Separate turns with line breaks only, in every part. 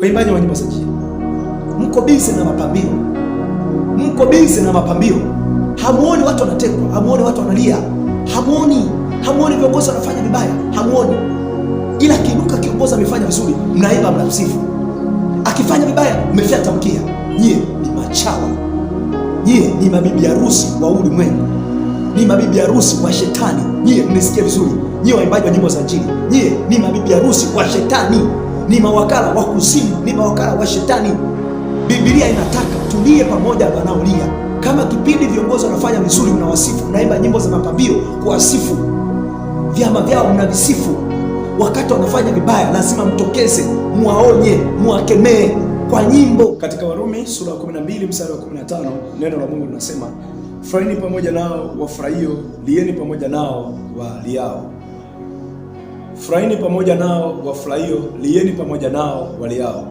Waimbaji, waimba saji, mko busy na mapambio, mko busy na mapambio. Hamuoni watu wanatekwa, hamuoni watu wanalia, hamuoni, hamuoni viongozi wanafanya vibaya, hamuoni. Ila akiinuka kiongozi amefanya vizuri, mnaimba, mnamsifu. Akifanya vibaya, mmefyatamkia. Nyie ni machawa, nyie ni mabibi harusi wa ulimwengu, ni mabibi harusi wa shetani. Nyie mnisikie vizuri, nyie waimbaji wa nyimbo za Injili, nyie ni mabibi harusi wa shetani ni mawakala wa kuzimu, ni mawakala wa shetani. Biblia inataka tulie pamoja na wanaolia. Kama kipindi viongozi wanafanya vizuri, mnawasifu, mnaimba nyimbo za mapambio kuwasifu, vyama vyao mnavisifu. Wakati wanafanya vibaya, lazima mtokeze, mwaonye muwakemee kwa nyimbo.
Katika Warumi sura ya 12 mstari wa 15 neno la Mungu linasema, furahini pamoja nao wafurahio, lieni pamoja nao waliao. Furahini pamoja nao wafurahio, lieni pamoja nao waliao.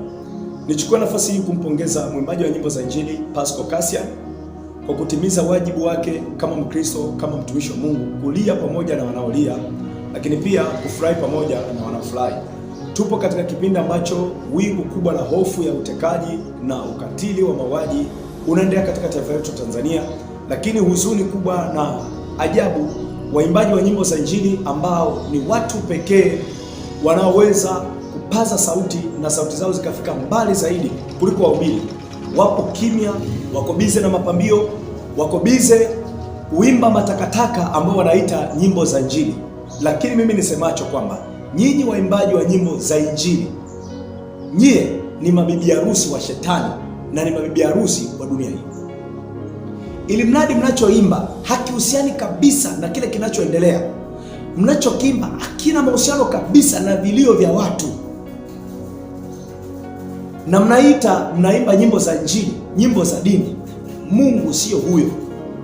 Nichukua nafasi hii kumpongeza mwimbaji wa nyimbo za Injili Pasco Kasia kwa kutimiza wajibu wake kama Mkristo, kama mtumishi wa Mungu, kulia pamoja na wanaolia, lakini pia kufurahi pamoja na wanaofurahi. Tupo katika kipindi ambacho wingu kubwa la hofu ya utekaji na ukatili wa mauaji unaendelea katika taifa letu Tanzania, lakini huzuni kubwa na ajabu waimbaji wa nyimbo za Injili ambao ni watu pekee wanaoweza kupaza sauti na sauti zao zikafika mbali zaidi kuliko wahubiri. Wapo kimya, wako bize na mapambio, wako bize kuimba matakataka ambao wanaita nyimbo za Injili. Lakini mimi nisemacho kwamba nyinyi waimbaji wa nyimbo za Injili, nyie ni mabibi harusi wa Shetani na ni mabibi harusi wa dunia hii ili mradi mnachoimba hakihusiani kabisa na kile kinachoendelea. mnachokimba hakina mahusiano kabisa na vilio vya watu, na mnaita mnaimba nyimbo za Injili, nyimbo za dini. Mungu sio huyo.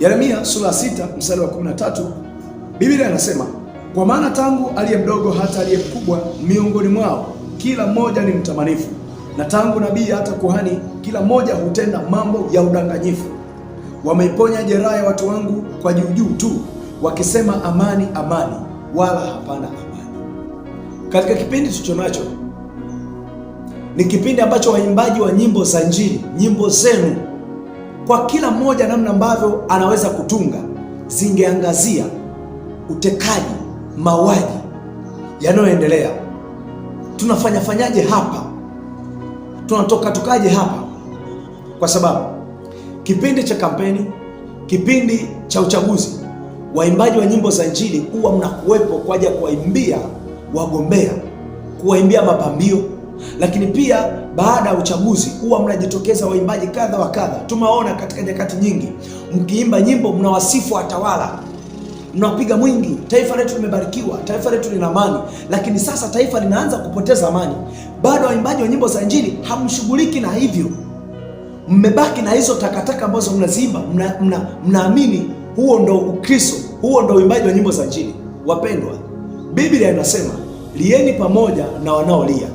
Yeremia sura sita mstari wa 13 Biblia inasema kwa maana tangu aliye mdogo hata aliye mkubwa miongoni mwao kila mmoja ni mtamanifu, na tangu nabii hata kuhani kila mmoja hutenda mambo ya udanganyifu. Wameiponya jeraha ya watu wangu kwa juujuu tu, wakisema amani, amani, wala hapana amani. Katika kipindi tulicho nacho ni kipindi ambacho waimbaji wa nyimbo za Injili, nyimbo zenu kwa kila mmoja namna ambavyo anaweza kutunga zingeangazia utekaji, mauaji yanayoendelea. Tunafanya fanyaje hapa? Tunatoka tukaje hapa? Kwa sababu Kipindi cha kampeni, kipindi cha uchaguzi, waimbaji wa nyimbo za Injili huwa mnakuwepo kwa ajili ya kuwaimbia wagombea, kuwaimbia mapambio, lakini pia baada ya uchaguzi huwa mnajitokeza waimbaji kadha wa kadha. Tumeona katika nyakati nyingi mkiimba nyimbo mnawasifu watawala mnapiga mwingi, taifa letu limebarikiwa, taifa letu lina amani. Lakini sasa taifa linaanza kupoteza amani, bado waimbaji wa nyimbo za injili hamshughuliki na hivyo mmebaki na hizo takataka ambazo mnaziimba, mnaamini mna, mna huo ndo Ukristo, huo ndo uimbaji wa nyimbo za Injili. Wapendwa, Biblia inasema lieni pamoja na wanaolia,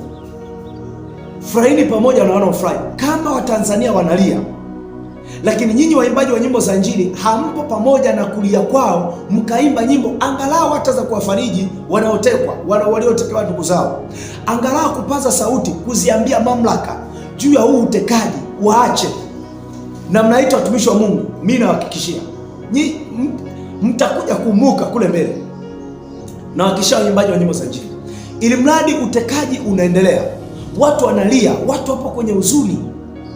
furahini pamoja na wanaofurahi. Kama Watanzania wanalia, lakini nyinyi waimbaji wa nyimbo za Injili hampo pamoja na kulia kwao, mkaimba nyimbo angalau hata za kuwafariji wanaotekwa, waliotekewa ndugu zao, angalau kupaza sauti kuziambia mamlaka juu ya huu utekaji waache, na mnaitwa watumishi wa Mungu. Mimi nawahakikishia nyi mtakuja kuumuka kule mbele, nawahakikishia waimbaji wa nyimbo za Injili, ili mradi utekaji unaendelea, watu wanalia, watu wapo kwenye huzuni,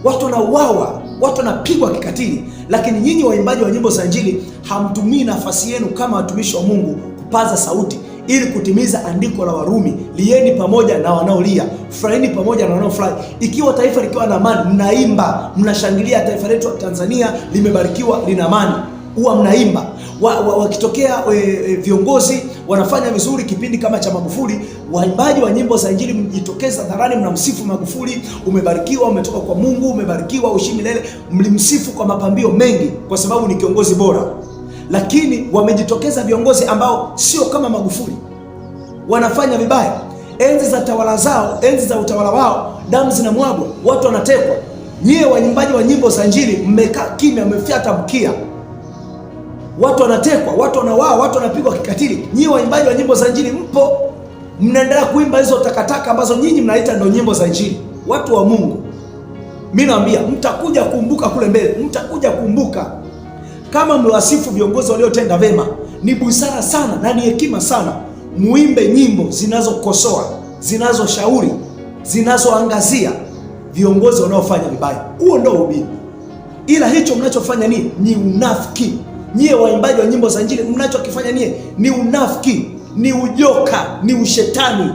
watu wanauawa, watu wanapigwa kikatili, lakini nyinyi waimbaji wa nyimbo za Injili hamtumii nafasi yenu kama watumishi wa Mungu kupaza sauti ili kutimiza andiko la Warumi, lieni pamoja na wanaolia, furahini pamoja na wanaofurahi. Ikiwa taifa likiwa na amani, mnaimba, mnashangilia, taifa letu Tanzania limebarikiwa, lina amani, huwa mnaimba. Wakitokea wa, wa e, e, viongozi wanafanya vizuri kipindi kama cha Magufuli, waimbaji wa nyimbo za Injili mjitokeza hadharani, mnamsifu Magufuli, umebarikiwa, umetoka kwa Mungu, umebarikiwa, ushi milele. Mlimsifu kwa mapambio mengi, kwa sababu ni kiongozi bora lakini wamejitokeza viongozi ambao sio kama Magufuli, wanafanya vibaya. Enzi za tawala zao, enzi za utawala wao, damu zinamwagwa, watu wanatekwa. Nyie waimbaji wa nyimbo za Injili mmekaa kimya, mmefyata mkia, watu wanatekwa, watu wanawaa, watu wanapigwa kikatili. Nyie waimbaji wa nyimbo za Injili mpo, mnaendelea kuimba hizo takataka ambazo nyinyi mnaita ndio nyimbo za Injili. Watu wa Mungu, mimi naambia mtakuja kumbuka kule mbele, mtakuja kumbuka kama mliwasifu viongozi waliotenda vema, ni busara sana na ni hekima sana muimbe nyimbo zinazokosoa, zinazoshauri, zinazoangazia viongozi wanaofanya vibaya. Huo ndio ubiri, ila hicho mnachofanya ni ni unafiki. Nyie waimbaji wa nyimbo za Injili, mnachokifanya nie ni unafiki, ni ujoka, ni ushetani.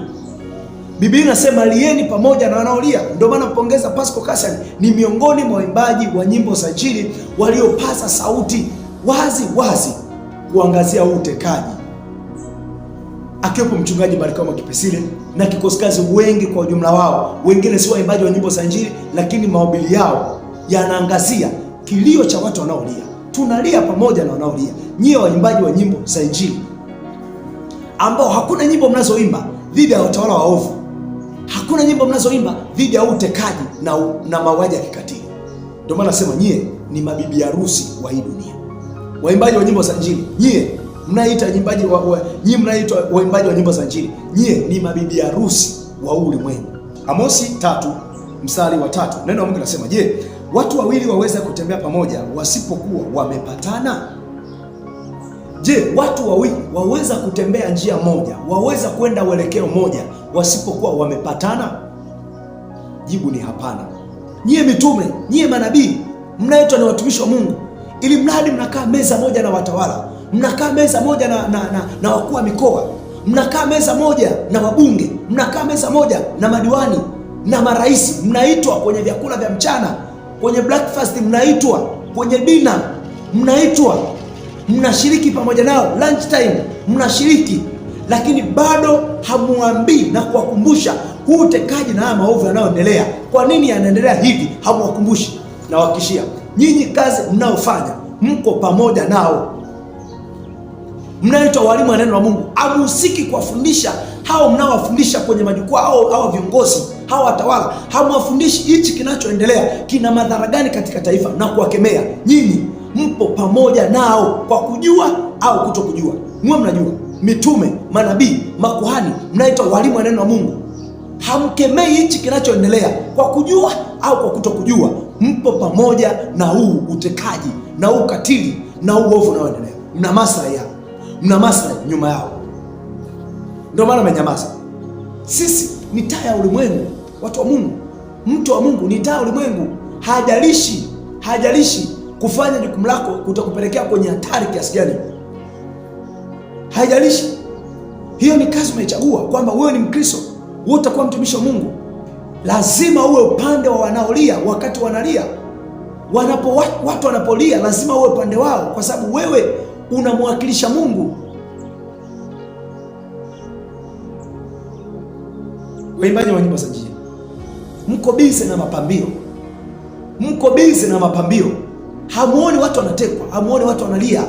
Biblia inasema lieni pamoja na wanaolia. Ndio maana mpongeza Pascal Kasani ni miongoni mwa waimbaji wa nyimbo za injili waliopaza sauti wazi wazi kuangazia huu utekaji, akiwepo mchungaji Baraka Kipesile na kikosi kazi wengi kwa ujumla wao. Wengine si waimbaji wa nyimbo za injili, lakini mahubiri yao yanaangazia kilio cha watu wanaolia. Tunalia pamoja na wanaolia, nyie waimbaji wa nyimbo za injili ambao hakuna nyimbo mnazoimba dhidi ya wa ovu, Hakuna nyimbo mnazoimba dhidi ya utekaji na, na mauaji ya kikatili. Ndio maana nasema nyie ni mabibi harusi wa hii dunia. Waimbaji wa nyimbo za Injili, nyie mnaita waimbaji wa, wa, nyie mnaitwa waimbaji wa nyimbo za Injili, nyie ni mabibi harusi wa ulimwengu. Amosi tatu mstari wa tatu neno la Mungu linasema je, watu wawili waweza kutembea pamoja wasipokuwa wamepatana? Je, watu wawili waweza kutembea njia moja, waweza kwenda uelekeo moja wasipokuwa wamepatana? Jibu ni hapana. Nyie mitume, nyie manabii, mnaitwa ni watumishi wa Mungu, ili mradi mnakaa meza moja na watawala, mnakaa meza moja na, na, na, na wakuu wa mikoa, mnakaa meza moja na wabunge, mnakaa meza moja na madiwani na marais, mnaitwa kwenye vyakula vya mchana, kwenye breakfast, mnaitwa kwenye dina, mnaitwa mnashiriki pamoja nao lunch time, mnashiriki lakini bado hamwambii na kuwakumbusha huu utekaji na haya maovu yanayoendelea. Kwa nini yanaendelea hivi? Hamwakumbushi. wakishia nyinyi, kazi mnayofanya mko pamoja nao. Mnaitwa walimu wa neno la Mungu, hamuhusiki kuwafundisha hao mnaowafundisha kwenye majukwaa au hawa viongozi hawa watawala, hamwafundishi hichi kinachoendelea kina madhara gani katika taifa na kuwakemea. Nyinyi mpo pamoja nao kwa kujua au kuto kujua, mwe mnajua mitume, manabii, makuhani, mnaitwa walimu wa neno wa Mungu, hamkemei hichi kinachoendelea kwa kujua au kwa kutokujua. Mpo pamoja na huu utekaji na huu ukatili na huu uovu unaoendelea, mna maslahi yao, mna maslahi nyuma yao, ndio maana mmenyamaza. Sisi ni taa ya ulimwengu, watu wa Mungu. Mtu wa Mungu ni taa ya ulimwengu, hajalishi hajalishi kufanya jukumu lako kutakupelekea kwenye hatari kiasi gani haijalishi hiyo ni kazi umechagua, kwamba wewe ni Mkristo, wewe utakuwa mtumishi wa Mungu. Lazima uwe upande wa wanaolia wakati wanalia, wanapo watu wanapolia, lazima uwe upande wao, kwa sababu wewe unamwakilisha Mungu.
Waimbaji wa nyimbo za Injili, mko bize na mapambio, mko bize na mapambio, hamuoni watu wanatekwa, hamuoni watu wanalia,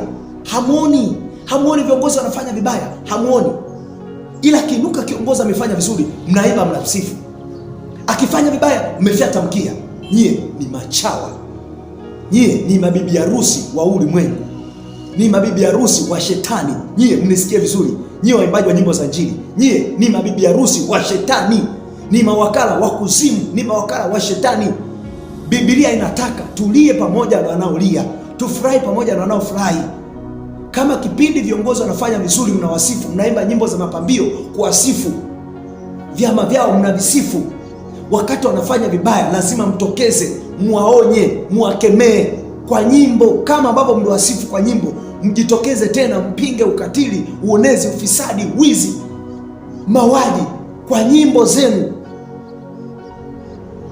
hamuoni Hamuoni viongozi wanafanya vibaya, hamuoni, ila akiinuka kiongozi amefanya vizuri, mnaiba, mnamsifu. Akifanya vibaya, mmefyatamkia. Nyie ni machawa, nyie ni mabibi harusi wa ulimwengu, ni mabibi harusi wa shetani. Nyie mnisikie vizuri, nyie waimbaji wa nyimbo za Injili, nyie ni mabibi harusi wa shetani, ni mawakala wa kuzimu, ni mawakala wa shetani. Biblia inataka tulie pamoja na wanaolia, tufurahi pamoja na wanaofurahi. Kama kipindi viongozi wanafanya vizuri, mnawasifu, mnaimba nyimbo za mapambio kuwasifu, vyama vyao mnavisifu. Wakati wanafanya vibaya, lazima mtokeze, mwaonye, mwakemee kwa nyimbo, kama ambavyo mliwasifu kwa nyimbo. Mjitokeze tena mpinge ukatili, uonezi, ufisadi, wizi, mauaji kwa nyimbo zenu.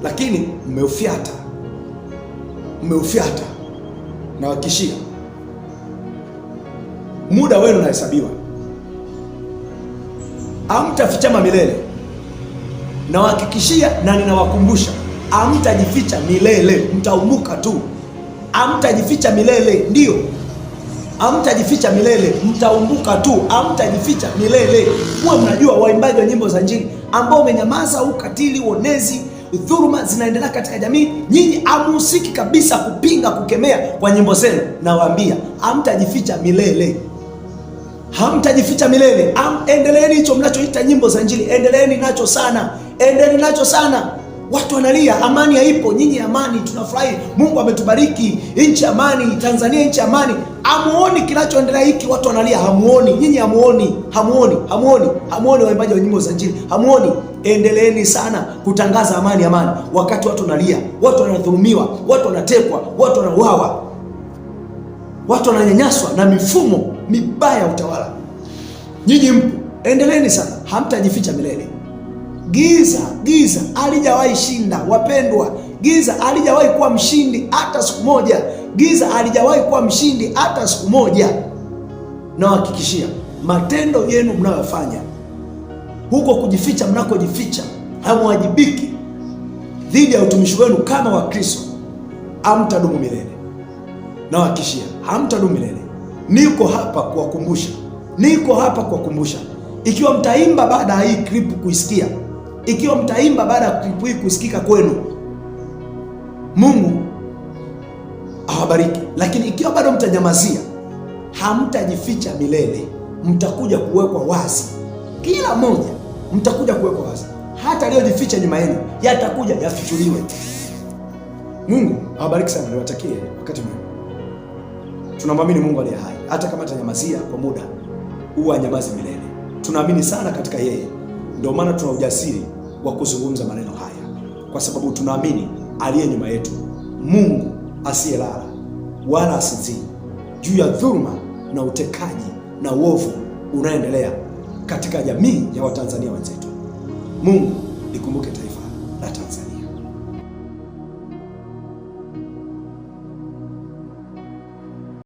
Lakini mmeufyata, mmeufyata na wakishia muda wenu unahesabiwa, hamtafichama milele. Nawahakikishia na ninawakumbusha, hamtajificha milele, mtaumuka tu. Hamtajificha milele, ndio, hamtajificha milele, mtaumbuka tu. Hamtajificha milele. Huwa mnajua waimbaji wa nyimbo za Injili ambao umenyamaza, ukatili, uonezi dhuruma zinaendelea katika jamii, nyinyi hamuhusiki kabisa kupinga, kukemea kwa nyimbo zenu. Nawaambia hamtajificha milele hamtajificha milele. Am, endeleeni hicho mnachoita nyimbo za Injili, endeleeni nacho sana, endeleeni nacho sana. Watu wanalia amani haipo, nyinyi amani, tunafurahi Mungu ametubariki nchi amani, Tanzania nchi amani. Hamuoni kinachoendelea hiki? Watu wanalia, hamuoni nyinyi, hamuoni, hamuoni, hamuoni, hamuoni waimbaji wa nyimbo za Injili, hamuoni. Endeleeni sana kutangaza amani, amani, wakati watu wanalia, watu wanadhulumiwa, watu wanatekwa, watu wanauawa, watu wananyanyaswa na mifumo mibaya ya utawala. Nyinyi mpo, endeleeni sana, hamtajificha milele. Giza, giza alijawahi shinda wapendwa. Giza alijawahi kuwa mshindi hata siku moja. Giza alijawahi kuwa mshindi hata siku moja. Nawahakikishia, matendo yenu mnayofanya huko, kujificha mnakojificha, hamwajibiki dhidi ya utumishi wenu kama Wakristo, hamtadumu milele. Nawahakikishia, hamtadumu milele niko hapa kuwakumbusha, niko hapa kuwakumbusha. Ikiwa mtaimba baada ya hii clip kuisikia, ikiwa mtaimba baada ya clip hii kusikika kwenu, Mungu awabariki. Lakini ikiwa bado mtanyamazia, hamtajificha milele, mtakuja kuwekwa wazi. Kila mmoja mtakuja kuwekwa wazi, hata aliyojificha nyuma yenu yatakuja yafichuliwe. Mungu awabariki sana, niwatakie wakati mwema. Tunamwamini Mungu aliye hai hata kama atanyamazia kwa muda, huwa anyamazi milele. Tunaamini sana katika yeye, ndio maana tuna ujasiri wa kuzungumza maneno haya, kwa sababu tunaamini aliye nyuma yetu, Mungu asiyelala wala asinzii, juu ya dhuluma na utekaji na uovu unaendelea katika jamii ya Watanzania wenzetu. Mungu likumbuke taifa la Tanzania.